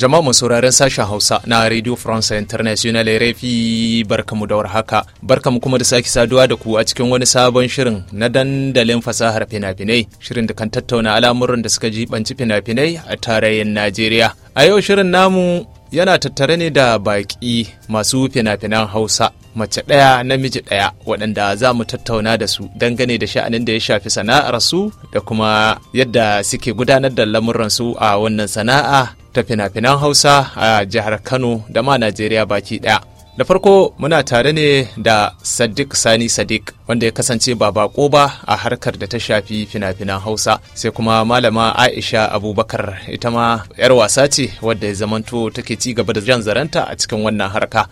Jama'a mu sauraren sashen Hausa na Radio France International RFI barkamu da warhaka. mu kuma da sake saduwa da ku a cikin wani sabon shirin na dandalin fasahar fina-finai, shirin da kan tattauna al'amuran da suka jibanci fina-finai a tarayyar Najeriya. A yau shirin namu yana tattare ne da baƙi masu fina-finan Hausa mace ɗaya namiji ɗaya waɗanda za mu tattauna da su dangane da sha'anin da ya shafi sana'ar su da kuma yadda suke gudanar da lamuransu a wannan sana'a ta fina-finan hausa a jihar kano da ma najeriya baki ɗaya, da farko muna tare ne da sadiq sani sadiq wanda ya kasance ba bako ba a harkar da ta shafi fina-finan hausa sai kuma malama aisha abubakar ita ma 'yar wasa ce wadda ya zamanto take ci gaba da jan zaranta a cikin wannan harka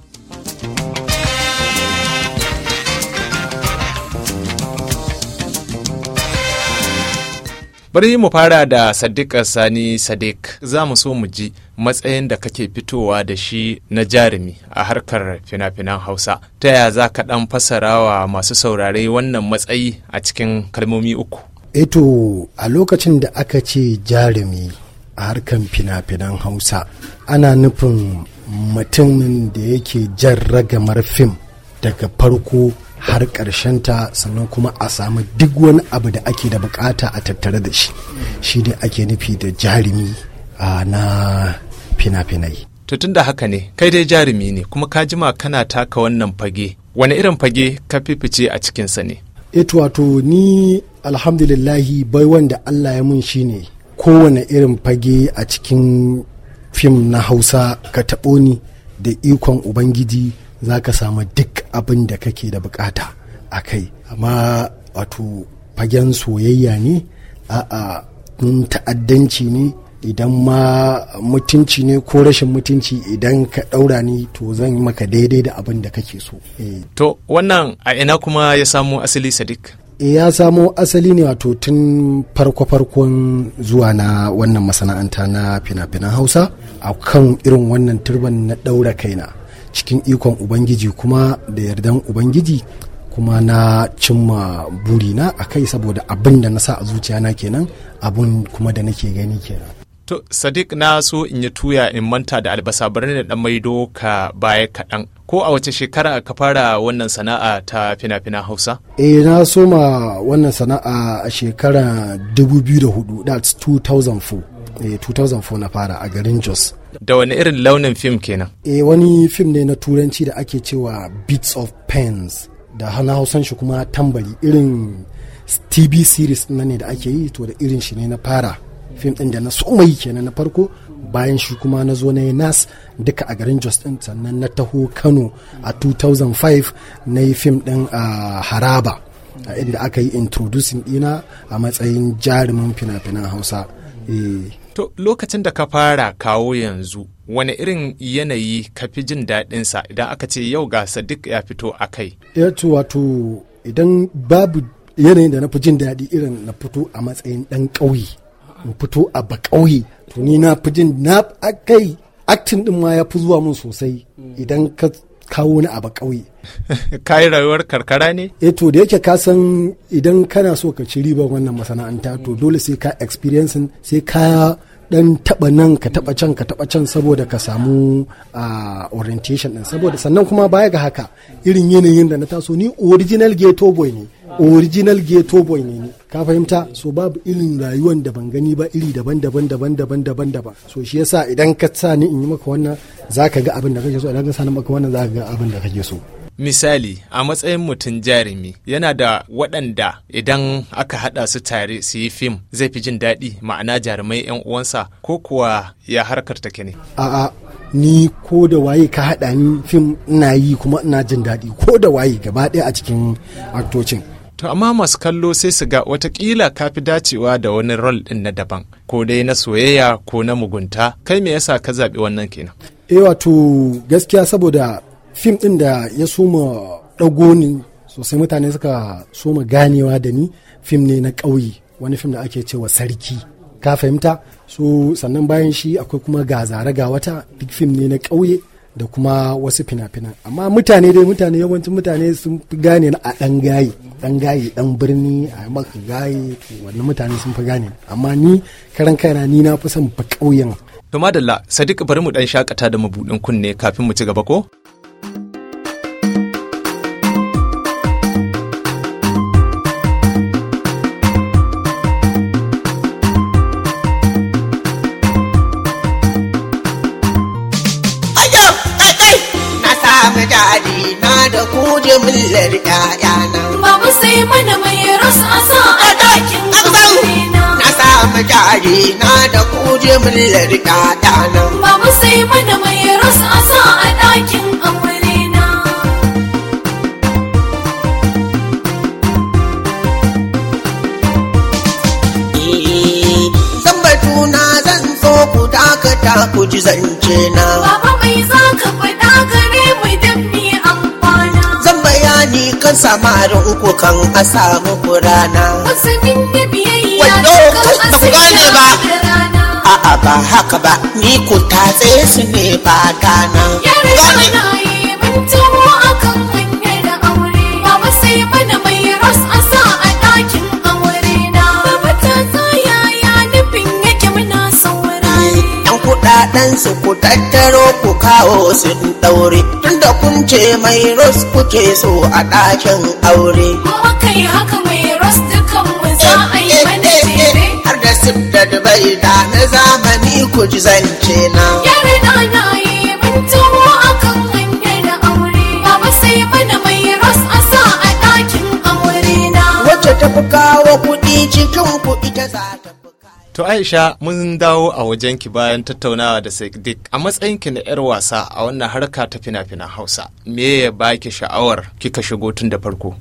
bari mu fara da sadiq sani sadiq za mu so mu ji matsayin da kake fitowa da shi na jarumi a harkar fina-finan hausa ta ya za ka dan wa masu saurare wannan matsayi a cikin kalmomi uku eto eh a lokacin da aka ce jarumi a harkar fina-finan hausa ana nufin mutumin da yake jan ragamar fim daga farko har ta sannan kuma a samu duk wani abu da ake da bukata a tattare da shi shi ne ake nufi da jarumi na fina-finai to tun da haka ne kai dai jarumi ne kuma ka jima kana taka wannan fage wani irin fage ka fifice a cikinsa ne eto eh wato ni alhamdulillahi bai wanda allah ya mun shi ne kowane irin fage a cikin fim na hausa ka taɓo ni da ikon ubangiji za ka samu duk abin da kake da bukata a kai amma wato fagen soyayya ne a'a ta'addanci ne idan ma mutunci ne ko rashin mutunci idan ka ɗaura ni to zan yi maka daidai da abin da kake so. Eh. To wannan a ina kuma ya samo asali Sadiq? Eh, ya samo asali ne wato tun farko-farkon zuwa na wannan masana'anta na fina-finan Hausa a kan irin wannan turban na ɗaura kaina. cikin ikon ubangiji kuma da yardan ubangiji kuma na cimma burina a kai saboda abin da na sa a zuciya na kenan abin kuma da nake gani kenan to sadiq na so in yi tuya in manta da albasa bari da dan maido ka baya kaɗan ko a wace shekara ka fara wannan sana'a ta fina fina hausa eh na soma wannan sana'a a shekara 2004 that's 2004 eh, na fara a garin jos da wani irin launin fim kenan eh wani fim ne na turanci da ake cewa beats of pens da na hausan shi kuma tambari irin tv series na ne da ake yi to da irin shi ne na fara fim din da na so mai kenan na farko bayan shi kuma na zo na yi nas duka a garin jos din sannan na taho kano a 2005 na yi fim din a haraba inda aka yi introducing dina a matsayin jarumin fina-finan hausa eh, To lokacin da ka fara kawo yanzu wani irin yanayi ka fi jin daɗinsa idan aka ce yau ga Sadiq ya fito a kai? Yato wato idan babu yanayin da na fi jin daɗi irin na fito a matsayin ɗan ƙauye na fito a ba ƙauye to ni na fi jin na kai aktin ɗin ma ya fi zuwa mun sosai idan ka kawo ni a ba ƙauye. ka yi rayuwar karkara ne? E to da yake ka san idan kana so ka ci riba wannan masana'anta to dole sai ka experiencing sai ka dan taba nan ka taba can ka taba can saboda ka samu uh, orientation din saboda sannan kuma baya ga haka irin yanayin da na taso ni original ghetto boy ne original ghetto boy ne ka fahimta so babu irin rayuwan da ban gani ba iri daban-daban daban-daban daban-daban so shi yasa idan ka sa ni in yi maka wannan zaka ga abin da kake so idan ka sa ni maka wannan zaka ga abin da kake so misali a matsayin mutum jarumi yana da waɗanda idan aka haɗa su tare su yi fim zai fi jin daɗi ma'ana jarumai 'yan uwansa ko kuwa ya harkar take ne a'a ni ko da waye ka haɗa ni fim ina yi kuma ina jin daɗi ko da waye gaba ɗaya a cikin aktocin to amma masu kallo sai su ga watakila ka fi dacewa da wani rol ɗin na daban ko dai na soyayya ko na mugunta kai me yasa ka zaɓi wannan kenan eh wato gaskiya saboda fim ɗin da ya soma ɗago ni sosai mutane suka soma ganewa da ni fim ne na ƙauye wani fim da ake cewa sarki ka fahimta so sannan bayan shi akwai kuma ga zare ga wata duk fim ne na ƙauye da kuma wasu fina-finan amma mutane dai mutane yawancin mutane sun fi gane a ɗan gaye ɗan gaye ɗan birni a maka gaye wannan mutane sun fi gane amma ni karan kaina ni na fi son ba ƙauyen. to madalla sadiq bari mu ɗan shakata da mabuɗin kunne kafin mu ci gaba ko. ke mullar na. Babu sai mana mai rasu a sa a dakin ƙasarina. Na samu jari na da kuje mullar na. Babu sai mana mai rasu a sa a dakin eh, Zan batu na zan so ku dakata ku ji zance na. Babu kan samarin uku kan a samu kurana. Wasannin ba. A'a ba haka ba, ni ku ta tsaye su ne ba gana. Yare na yi ban a sun ɗaure tunda kun ce mai ros kuke so a ɗakin aure kuma kai haka mai ros dukan mu za a yi eh, mana tere eh, eh, har da sif da dubai da na zamani ku ji zance na yare na na yi bantaro akan hanyar aure baba sai mana mai ros a sa a ɗakin aure na wacce ta fi kawo kuɗi cikin kuɗi ta zara To Aisha mun dawo a wajenki bayan tattaunawa da Sadiq a matsayinki na 'yar wasa a wannan harka ta fina-finan Hausa. Me ya baki sha'awar kika shigo tun da farko?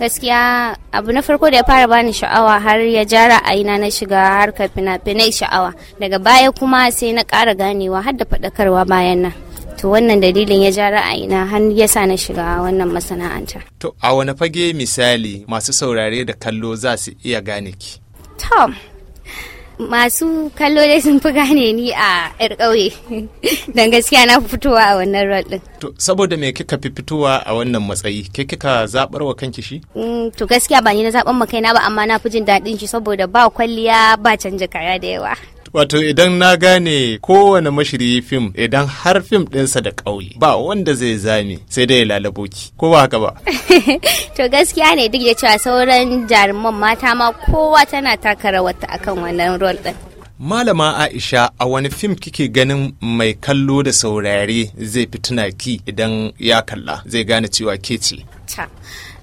Gaskiya abu na farko da ya fara bani sha'awa har ya jara a ina na shiga harka fina-finai sha'awa. Daga baya kuma sai na ƙara ganewa har da faɗakarwa bayan nan. to wannan dalilin ya jara ina har ya sa na shiga wannan masana'anta. To a wani fage misali masu saurare da kallo za su iya gane ki? Tom, masu kallo dai sun fi gane ni a yar ƙauye don gaskiya na fitowa a wannan rol din to saboda me kika fi fitowa a wannan matsayi ke kika zabar wa kanki shi mm, to gaskiya ba ni na zaɓar ma kaina ba amma na fi jin daɗin shi saboda ba kwalliya ba canja kaya da yawa wato idan na gane kowane mashiryi fim idan har fim ɗinsa da ƙauye ba wanda zai zame sai dai lalaboki, ko ba haka ba to gaskiya ne duk da cewa sauran jaruman mata ma kowa tana taka rawarta akan wannan rol din. Malama Aisha a wani fim kike ganin mai kallo da saurare zai fi ki idan ya kalla zai gane cewa ke ce.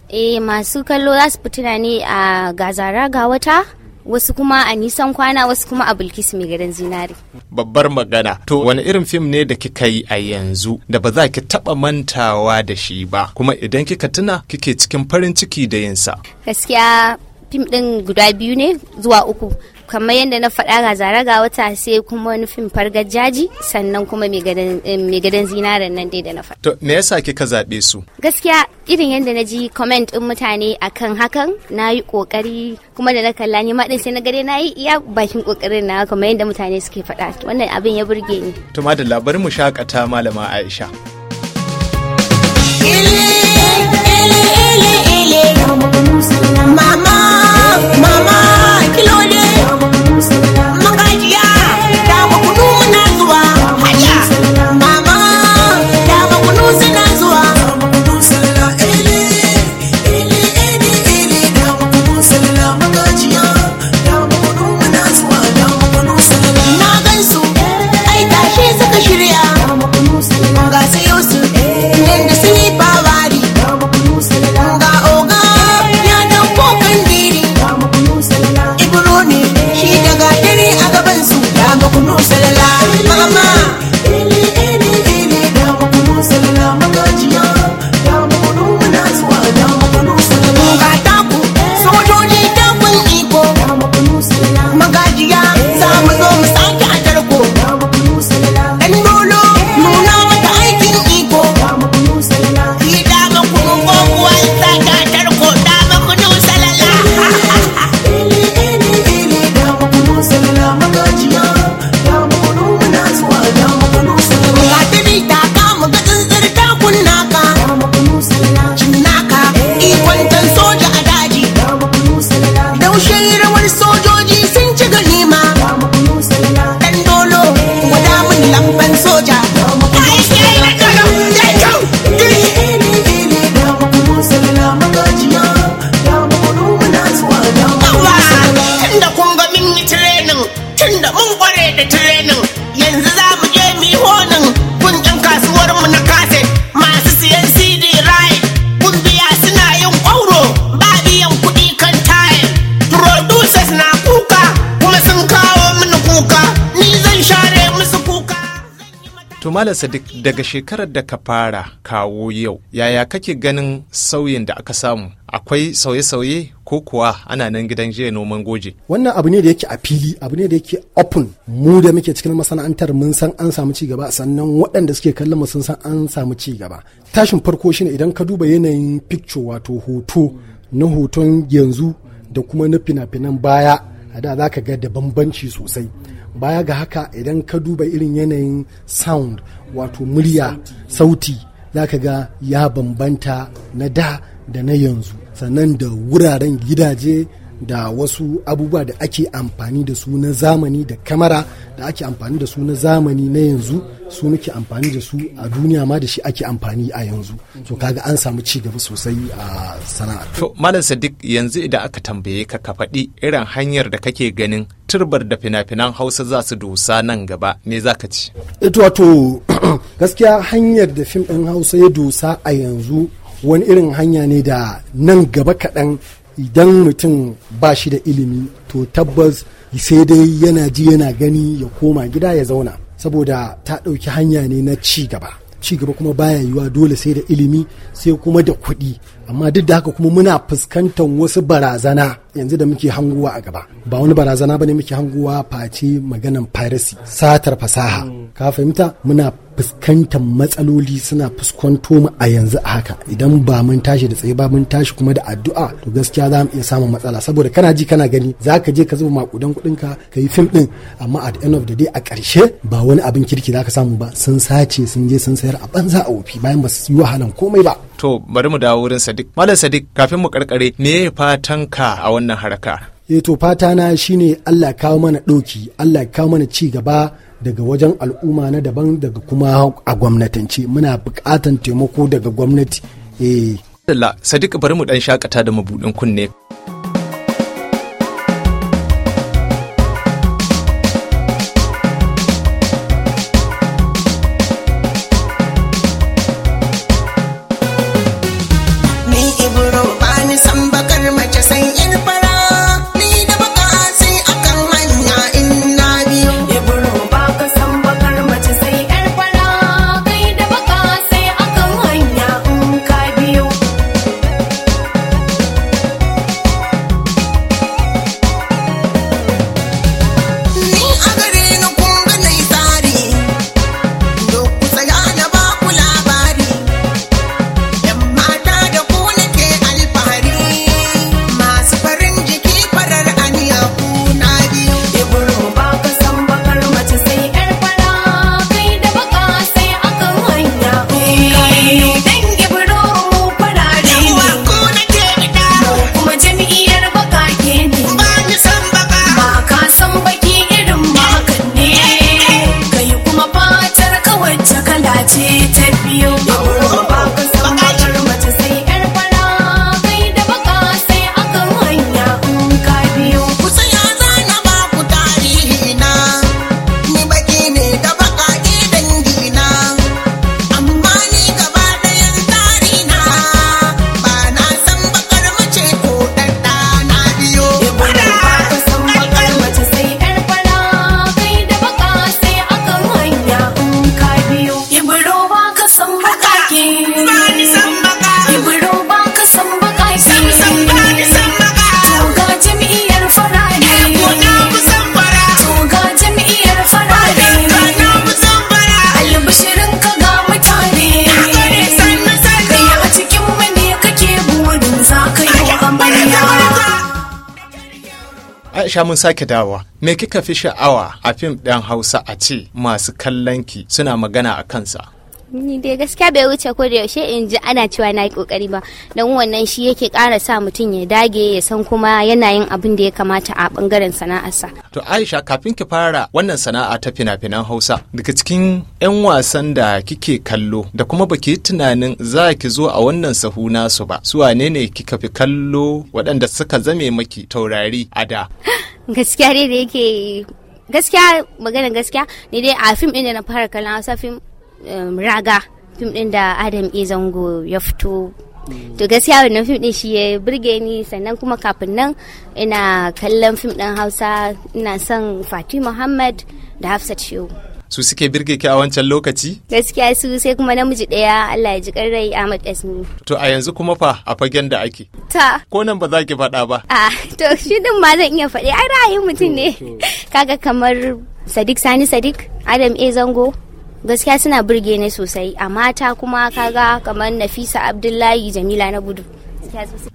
E masu kallo za su fi tunani a gazara ga wata wasu kuma a nisan kwana wasu kuma a bilkis mai gadon zinari. Babbar magana to wani irin fim ne da kika yi a yanzu da ba za ki taba mantawa da shi ba kuma idan kika tuna kike cikin farin ciki da yinsa. Gaskiya fim ɗin guda biyu ne zuwa uku kamar yadda na faɗa ga ga wata sai kuma wani fim fargar jaji sannan kuma mai gadon eh, zinaren nan dai da na faɗa. To me yasa ka zaɓe su? Gaskiya irin yadda na ji comment ɗin mutane akan hakan na yi ƙoƙari kuma da na kalla ni ma sai na gare na yi iya bakin ƙoƙarin na kamar yadda mutane suke faɗa wannan abin ya burge ni. Tuma da labarin mu shakata malama Aisha. To Sadiq daga shekarar da ka fara kawo yau, yaya kake ganin sauyin da aka samu? Akwai sauye-sauye ko kuwa ana nan gidan jiya noman goje? Wannan abu ne da yake a fili, abu ne da yake open. Mu da muke cikin masana'antar mun san an samu ci gaba, sannan waɗanda suke kallon mu sun san an samu ci gaba. Tashin farko shine idan ka duba yanayin picture wato hoto na hoton yanzu da kuma na fina-finan baya, a da za ka ga da bambanci sosai. baya ga haka idan ka duba irin yanayin sound wato murya sauti za ka ga ya bambanta na da da na yanzu sannan da wuraren gidaje da wasu abubuwa da ake amfani da su na zamani da kamara da ake amfani da su na zamani na yanzu su muke amfani da su a duniya ma da shi ake amfani a yanzu to kaga an samu ci gaba sosai a sana'ar to malam sadiq yanzu idan aka tambaye ka ka faɗi irin hanyar da kake ganin turbar da fina-finan hausa za su dosa nan gaba me za ka ci ito eh, wato gaskiya hanyar da fim ɗin hausa ya dosa a yanzu wani irin hanya ne da nan gaba kaɗan idan mutum ba shi da ilimi to tabbas sai dai yana ji yana gani ya koma gida ya zauna saboda ta ɗauki hanya ne na ci gaba ci gaba kuma baya yiwuwa dole sai da ilimi sai kuma da kuɗi amma duk da haka kuma muna fuskantar wasu barazana yanzu da muke hanguwa a gaba ba wani barazana bane muke hanguwa face maganan piracy satar fasaha ka fahimta muna fuskantar matsaloli suna fuskanto mu a yanzu a haka idan ba mun tashi da tsaye ba mun tashi kuma da addu'a to gaskiya za mu iya samun matsala saboda kana ji kana gani za ka je ka zuba makudan kuɗin ka ka yi fim ɗin amma at end of the day a ƙarshe ba wani abin kirki za ka samu ba sun sace sun je sun sayar a banza a wofi bayan ba su yi wahalan komai ba to bari mu dawo wurin sadiq malam sadiq kafin mu karkare me fatan ka a wannan haraka eh to fatana shine Allah kawo mana ɗauki Allah kawo mana ci gaba daga wajen al'umma na daban daga kuma a gwamnatance muna buƙatan taimako daga gwamnati eh Sadiq bari mu dan shakata da mabudin kunne sha mun sake dawowa me kika fi sha'awa a fim ɗin hausa a ce masu kallon ki suna magana a kansa ni dai gaskiya bai wuce ko da yaushe in ji ana cewa na yi kokari ba don wannan shi yake kara sa mutum ya dage ya san kuma yana yin abin da ya kamata a bangaren sana'arsa. To Aisha kafin ki fara wannan sana'a ta fina-finan Hausa daga cikin 'yan wasan da kike kallo da kuma baki tunanin za ki zo a wannan sahu nasu ba su wane ne kika fi kallo waɗanda suka zame maki taurari a da. Gaskiya dai da yake gaskiya maganar gaskiya ni dai a fim ɗin da na fara kallon Hausa fim Um, raga fim din da adam e zango ya fito to gaskiya wannan fim din shi ya burge ni sannan kuma kafin nan ina kallon fim din hausa ina son Fatima muhammad da hafsat shehu su suke birge ki a wancan lokaci? Gaskiya su sai kuma namiji ɗaya Allah ya ji rai Ahmad Asmi. To a yanzu kuma fa a fagen da ake. Ta. Ko nan ba za ki faɗa ba. A to shi din ma zan iya faɗi ai ra'ayin mutum ne. Kaga kamar Sadiq Sani Sadiq, Adam A e. Zango, gaskiya suna burge ne sosai a mata kuma kaga kamar nafisa abdullahi jamila na gudu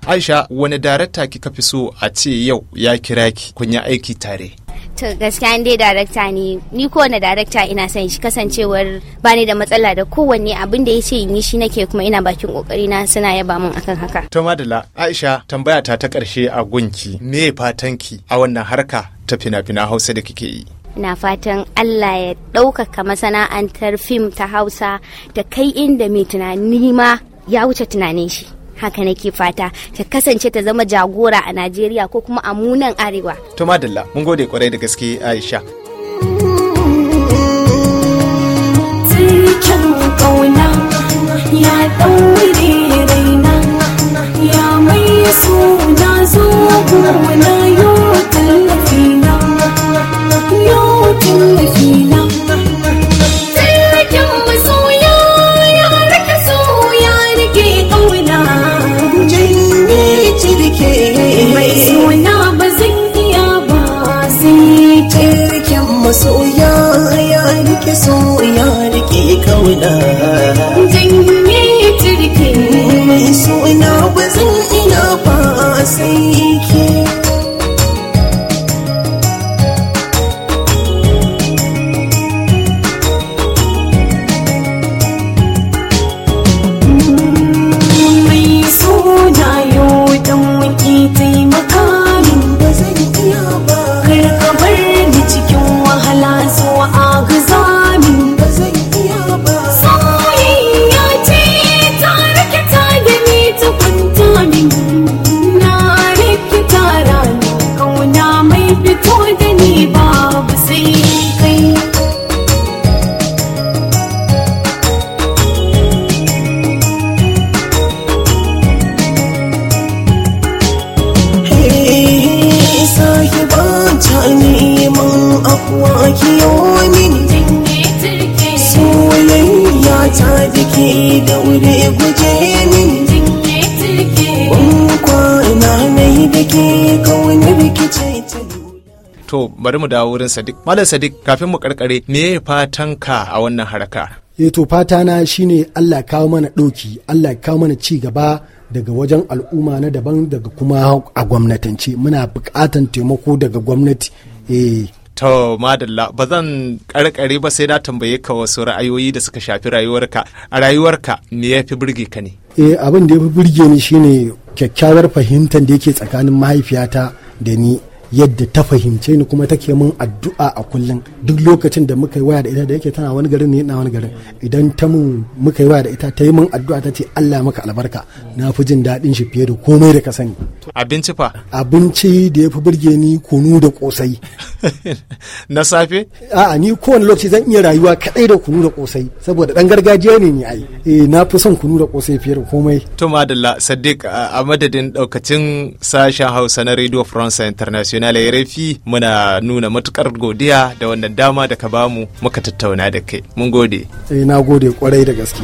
aisha wani darakta kika fi so a ce yau ya kira ki kun yi aiki tare to gaskiya dai darakta ne ni kowane darakta ina son shi kasancewar ba bani da matsala da kowanne abin da ya ce yi shi nake kuma ina bakin kokari na suna yaba min akan haka to madala aisha tambaya ta ta karshe a gunki me ki a wannan harka ta fina-fina hausa da kike yi na fatan Allah ya ɗaukaka masana'antar fim ta hausa ta kai inda mai tunani ma ya wuce tunanin shi haka nake fata ta kasance ta zama jagora a najeriya ko kuma a munan arewa to madalla mun gode kwarai da gaske aisha ya mai suna zo na yau ¡Gracias! da guje to bari mu dawo wurin sadik malam Sadiq kafin mu karkare me fatan ka a wannan haraka eh to fata na shine Allah kawo mana ɗauki Allah kawo mana ci gaba daga wajen al'umma na daban daga kuma a gwamnatance muna buƙatan taimako daga gwamnati eh To madalla ba zan karkare ba sai na tambaye ka wasu ra'ayoyi da suka shafi rayuwarka. A rayuwarka me ya fi burge ka ne? Eh abin da ya fi burge ni shine kyakkyawar fahimtar da yake tsakanin mahaifiyata da ni yadda ta fahimce ni kuma take min addu'a a kullum duk lokacin da muka yi waya da ita da yake tana wani garin ne yana wani garin idan ta mun muka yi waya da ita ta yi min addu'a ta ce Allah maka albarka na fi jin daɗin shi fiye da komai da ka sani abinci fa abinci da ya fi burge ni kunu da kosai na safe a'a ni kowane lokaci zan iya rayuwa kadai da kunu da kosai saboda dan gargajiya ne ni ai eh na fi son kunu da kosai fiye da komai to madalla sadiq a madadin daukacin sashen hausa na radio france international Finale Rafi muna nuna matukar godiya da wannan dama da ka bamu muka tattauna da kai. Mun gode. sai eh, na gode kwarai da gaske.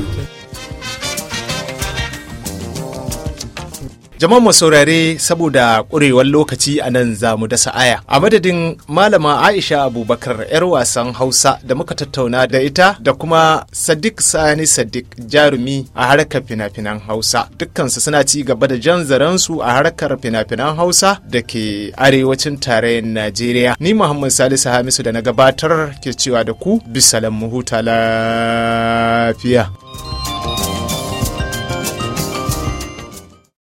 Jama'a mu saurare saboda ƙurewar lokaci a nan za mu dasa aya. A madadin Malama Aisha Abubakar 'yar wasan Hausa da muka tattauna da ita da kuma Sadiq Sani Sadiq jarumi a harkar fina-finan Hausa. Dukkansu suna ci gaba da jan zaransu a harkar fina-finan Hausa da ke arewacin tarayyar Najeriya. Ni Muhammad Salisu Hamisu da na gabatar ke cewa da ku bisa mu huta lafiya.